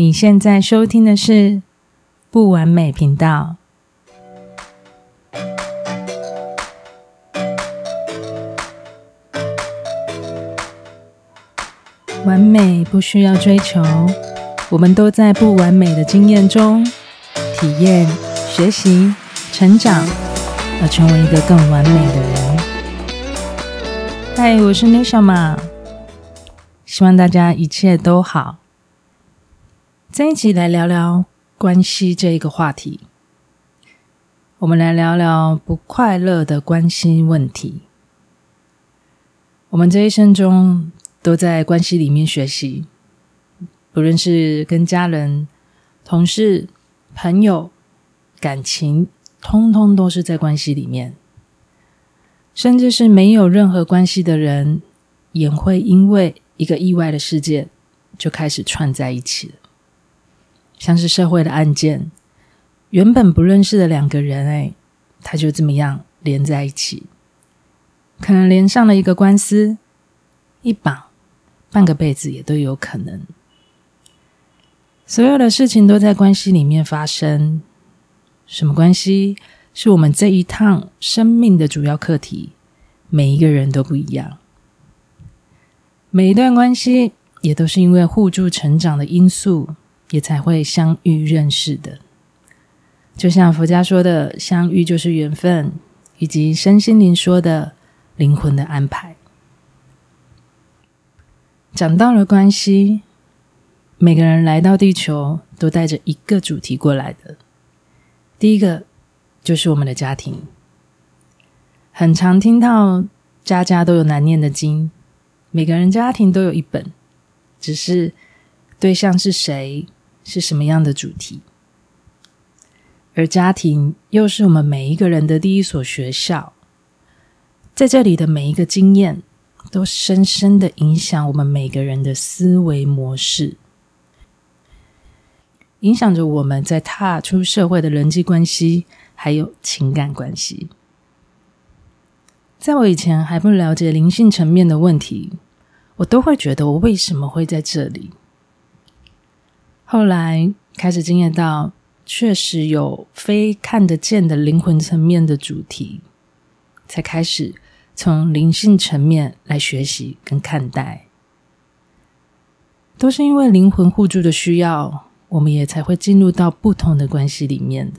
你現在收聽的是《不完美頻道》。完美不需要追求，我們都在不完美的經驗中體驗、學習、成長，而成為一個更完美的人。嗨，我是內夏瑪，希望大家一切都好。這一集來聊聊關係這一個話題。我們來聊聊不快樂的關係問題。我們這一生中都在關係裡面學習，不論是跟家人、同事、朋友、感情，通通都是在關係裡面。甚至是沒有任何關係的人，也會因為一個意外的事件，就開始串在一起了。像是社會的案件，原本不認識的兩個人，哎，他就這麼樣連在一起，可能連上了一個官司，一綁，半個輩子也都有可能。所有的事情都在關係裡面發生，什麼關係？是我們這一趟生命的主要課題。每一個人都不一樣，每一段關係也都是因為互助成長的因素。也才會相遇認識的，就像佛家說的相遇就是緣分，以及身心靈說的靈魂的安排。講到了關係，每個人來到地球都帶着一個主題過來的，第一個就是我們的家庭。很常聽到家家都有難念的經，每個人家庭都有一本，只是對象是誰。是什麼樣的主題？而家庭又是我們每一個人的第一所學校，在這裡的每一個經驗，都深深的影響我們每個人的思維模式，影響着我們在踏出社會的人際關係，還有情感關係。在我以前還不了解靈性層面的問題，我都會覺得我為什麼會在這裡？後來開始經驗到，確實有非看得見的靈魂層面的主題，才開始從靈性層面來學習跟看待。都是因為靈魂互助的需要，我們也才會進入到不同的關係裡面的。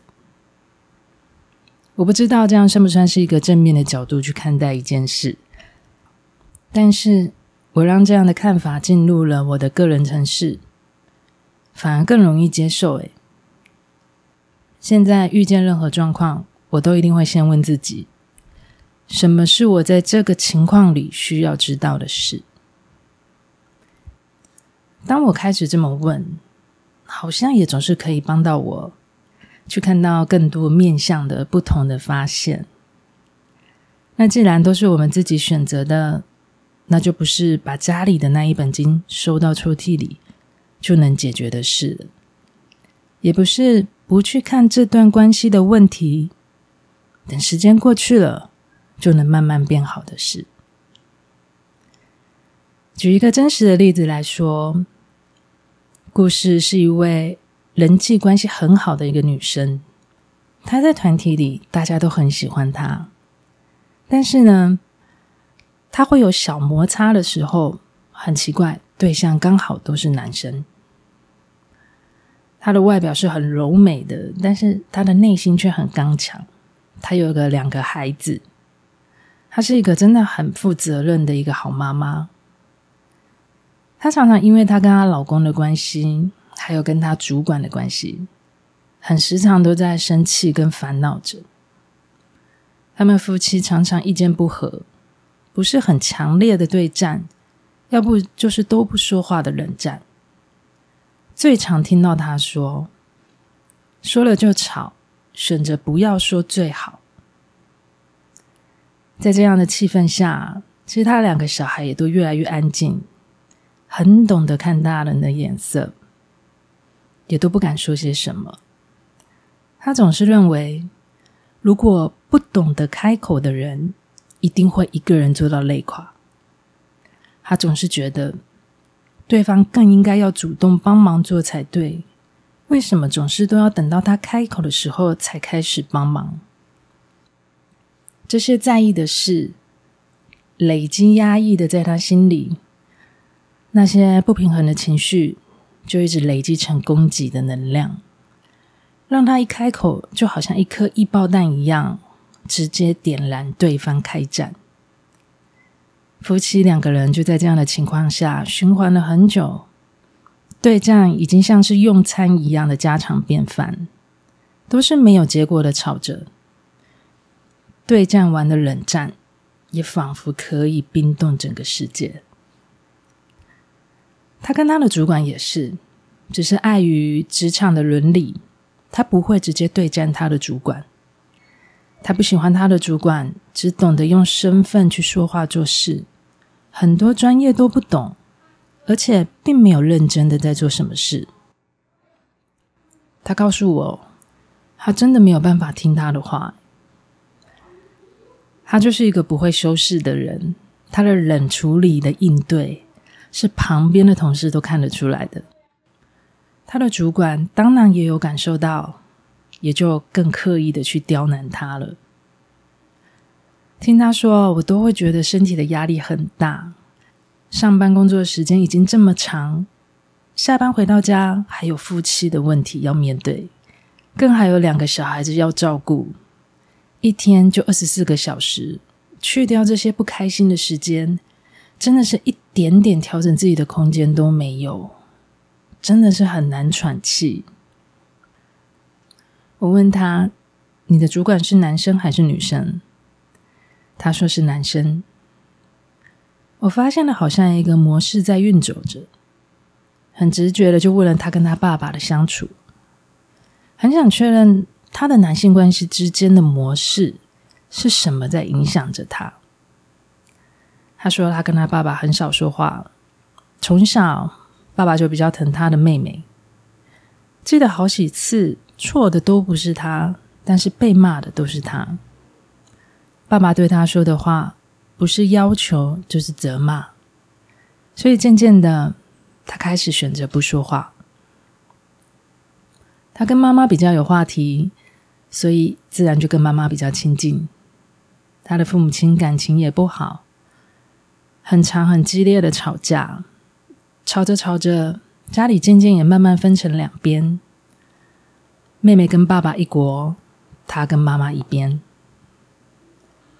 我不知道這樣算不算是一個正面的角度去看待一件事，但是我讓這樣的看法進入了我的個人程式。反而更容易接受誒。現在遇見任何狀況，我都一定會先問自己：什麼是我在這個情況裡需要知道的事？當我開始這麼問，好像也總是可以幫到我，去看到更多面向的不同的發現。那既然都是我們自己選擇的，那就不是把家裡的那一本經收到抽屜裡就能解決的事，也不是不去看這段關係的問題，等時間過去了，就能慢慢變好的事。舉一個真實的例子來說，故事是一位人際關係很好的一個女生，她在團體裡大家都很喜歡她，但是呢，她會有小摩擦的時候，很奇怪，對象剛好都是男生。她的外表是很柔美的，但是她的內心卻很剛強。她有個兩個孩子，她是一個真的很負責任的一個好媽媽。她常常因為她跟她老公的關係，還有跟她主管的關係，很時常都在生氣跟煩惱着。他們夫妻常常意見不合，不是很強烈的對戰，要不就是都不說話的冷戰。最常聽到他說：“說了就吵，選擇不要說最好。”在這樣的氣氛下，其他兩個小孩也都越來越安靜，很懂得看大人的眼色，也都不敢說些什麼。他總是認為，如果不懂得開口的人，一定會一個人做到累垮。他總是覺得。對方更應該要主動幫忙做才對，為什麼總是都要等到他開口的時候才開始幫忙？這些在意的事，累積壓抑的在他心裡，那些不平衡的情緒就一直累積成攻擊的能量，讓他一開口就好像一顆易爆彈一樣，直接點燃對方開戰。夫妻兩個人就在這樣的情況下循環了很久，對戰已經像是用餐一樣的家常便飯，都是沒有結果的吵着，對戰完的冷戰也仿佛可以冰凍整個世界。他跟他的主管也是，只是礙於職場的倫理，他不會直接對戰他的主管。他不喜歡他的主管，只懂得用身份去說話做事。很多專業都不懂，而且並沒有認真的在做什麼事。他告訴我，他真的沒有辦法聽他的話。他就是一個不會修飾的人，他的冷處理的應對是旁邊的同事都看得出來的。他的主管當然也有感受到，也就更刻意的去刁難他了。聽他說，我都會覺得身體的壓力很大。上班工作的時間已經這麼長，下班回到家還有夫妻的問題要面對，更還有兩個小孩子要照顧。一天就二十四個小時，去掉這些不開心的時間，真的是一點點調整自己的空間都沒有，真的是很難喘氣。我問他：“你的主管是男生還是女生？”他說是男生，我發現了好像一個模式在運走着，很直覺的就問了他跟他爸爸的相處，很想確認他的男性關係之間的模式是什麼在影響着他。他說他跟他爸爸很少說話，從小爸爸就比較疼他的妹妹，記得好幾次錯的都不是他，但是被罵的都是他。爸爸對他說的話，不是要求就是責罵，所以漸漸的，他開始選擇不說話。他跟媽媽比較有話題，所以自然就跟媽媽比較親近。他的父母親感情也不好，很常很激烈的吵架，吵着吵着，家裡漸漸也慢慢分成兩邊，妹妹跟爸爸一國，他跟媽媽一邊。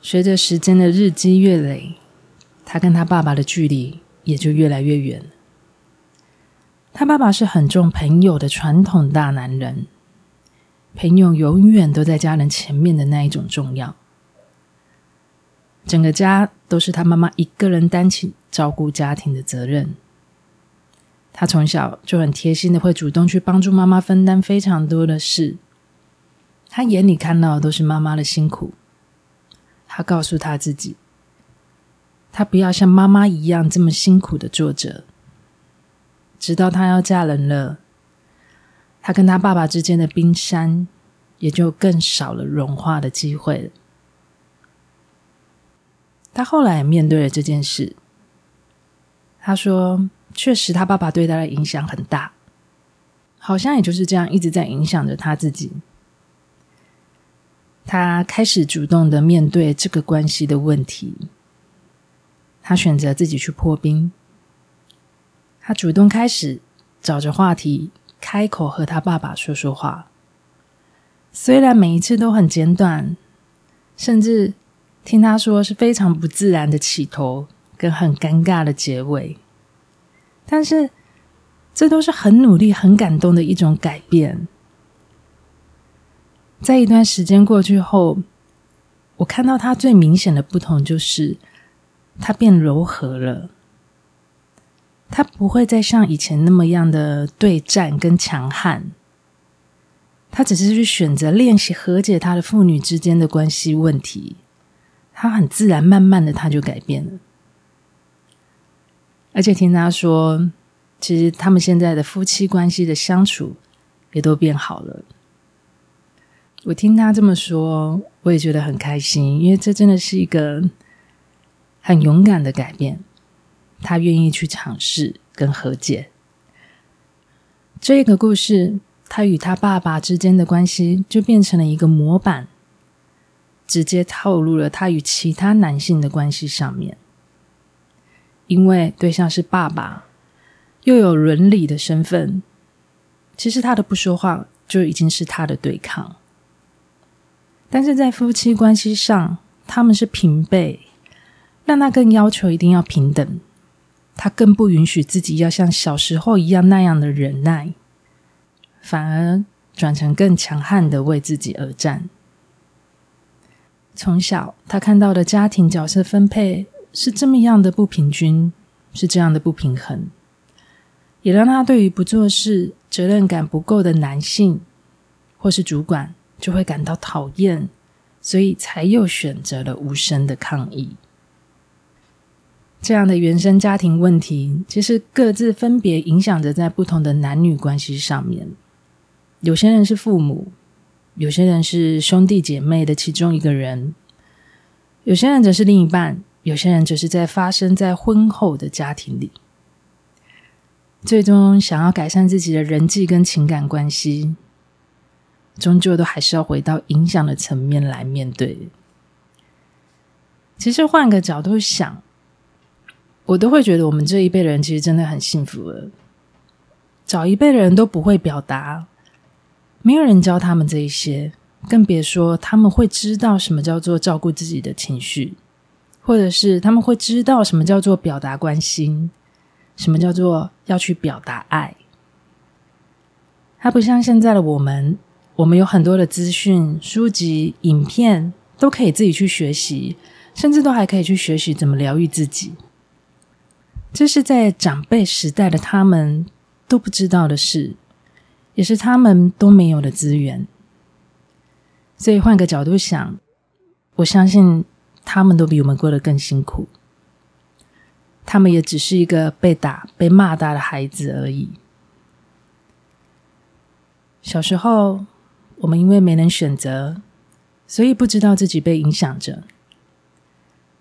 隨着時間的日積月累，他跟他爸爸的距離也就越來越遠。他爸爸是很重朋友的傳統大男人，朋友永遠都在家人前面的那一種重要。整個家都是他媽媽一個人擔起照顧家庭的責任。他從小就很貼心的會主動去幫助媽媽分擔非常多的事。他眼裡看到的都是媽媽的辛苦。他告訴他自己，他不要像媽媽一樣這麼辛苦的坐着。直到他要嫁人了，他跟他爸爸之間的冰山也就更少了融化的機會了。他後來也面對了這件事，他說：“確實，他爸爸對他的影響很大，好像也就是這樣一直在影響着他自己。”他開始主動的面對這個關係的問題，他選擇自己去破冰，他主動開始找着話題，開口和他爸爸說說話。雖然每一次都很簡短，甚至聽他說是非常不自然的起頭跟很尷尬的結尾，但是這都是很努力、很感動的一種改變。在一段時間過去後，我看到他最明顯的不同就是，他變柔和了。他不會再像以前那麼樣的對戰跟強悍，他只是去選擇練習和解他的父女之間的關係問題。他很自然，慢慢的他就改變了。而且聽他說，其實他們現在的夫妻關係的相處也都變好了。我聽他這麼說，我也覺得很開心，因為這真的是一個很勇敢的改變。他願意去嘗試跟和解，這個故事，他與他爸爸之間的關係就變成了一個模板，直接套入了他與其他男性的關係上面。因為對象是爸爸，又有倫理的身份，其實他的不說話就已經是他的對抗。但是在夫妻關係上，他們是平輩，讓他更要求一定要平等，他更不允許自己要像小時候一樣那樣的忍耐，反而轉成更強悍的為自己而戰。從小他看到的家庭角色分配是這麼樣的不平均，是這樣的不平衡，也讓他對於不做事、責任感不夠的男性或是主管。就會感到討厭，所以才又選擇了無聲的抗議。這樣的原生家庭問題，其實各自分別影響着在不同的男女關係上面。有些人是父母，有些人是兄弟姐妹的其中一個人，有些人則是另一半，有些人只是在發生在婚後的家庭裡。最終，想要改善自己的人際跟情感關係。終究都還是要回到影響的層面來面對。其實換個角度想，我都會覺得我們這一輩的人其實真的很幸福了。早一輩的人都不會表達，沒有人教他們這一些，更別說他們會知道什麼叫做照顧自己的情緒，或者是他們會知道什麼叫做表達關心，什麼叫做要去表達愛。他不像現在的我們。我們有很多的資訊、書籍、影片，都可以自己去學習，甚至都還可以去學習怎麼療癒自己。這是在長輩時代的他們都不知道的事，也是他們都沒有的資源。所以換個角度想，我相信他們都比我們過得更辛苦。他們也只是一個被打、被罵大的孩子而已。小時候，我們因為沒能選擇，所以不知道自己被影響着。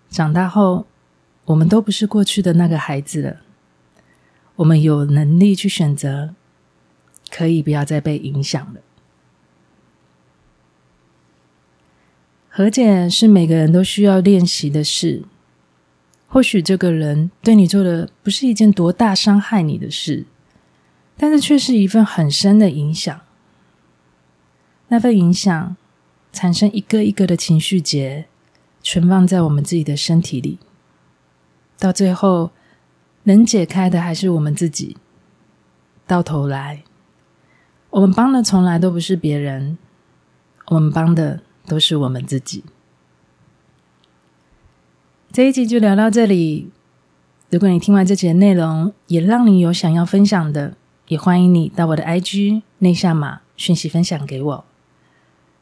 長大後，我們都不是過去的那個孩子了。我們有能力去選擇，可以不要再被影響了。和解是每個人都需要練習的事。或許這個人對你做的不是一件多大傷害你的事，但是卻是一份很深的影響。那份影響，產生一個一個的情緒結，存放在我們自己的身體裡，到最後能解開的還是我們自己。到頭來，我們幫的從來都不是別人，我們幫的都是我們自己。這一集就聊到這裡。如果你聽完這集內容，也讓你有想要分享的，也歡迎你到我的 IG 內夏瑪訊息分享給我。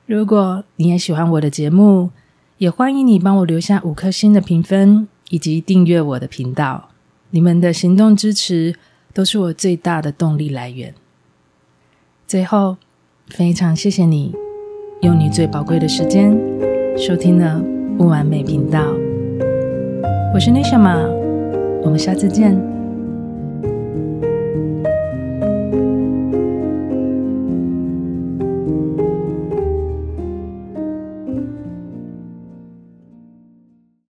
如果你也喜歡我的節目，也歡迎你幫我留下五顆星的評分，以及訂閱我的頻道。你們的行動支持都是我最大的動力來源。最後，非常謝謝你用你最寶貴的時間收聽了《不完美頻道》。我是內夏瑪，我們下次見。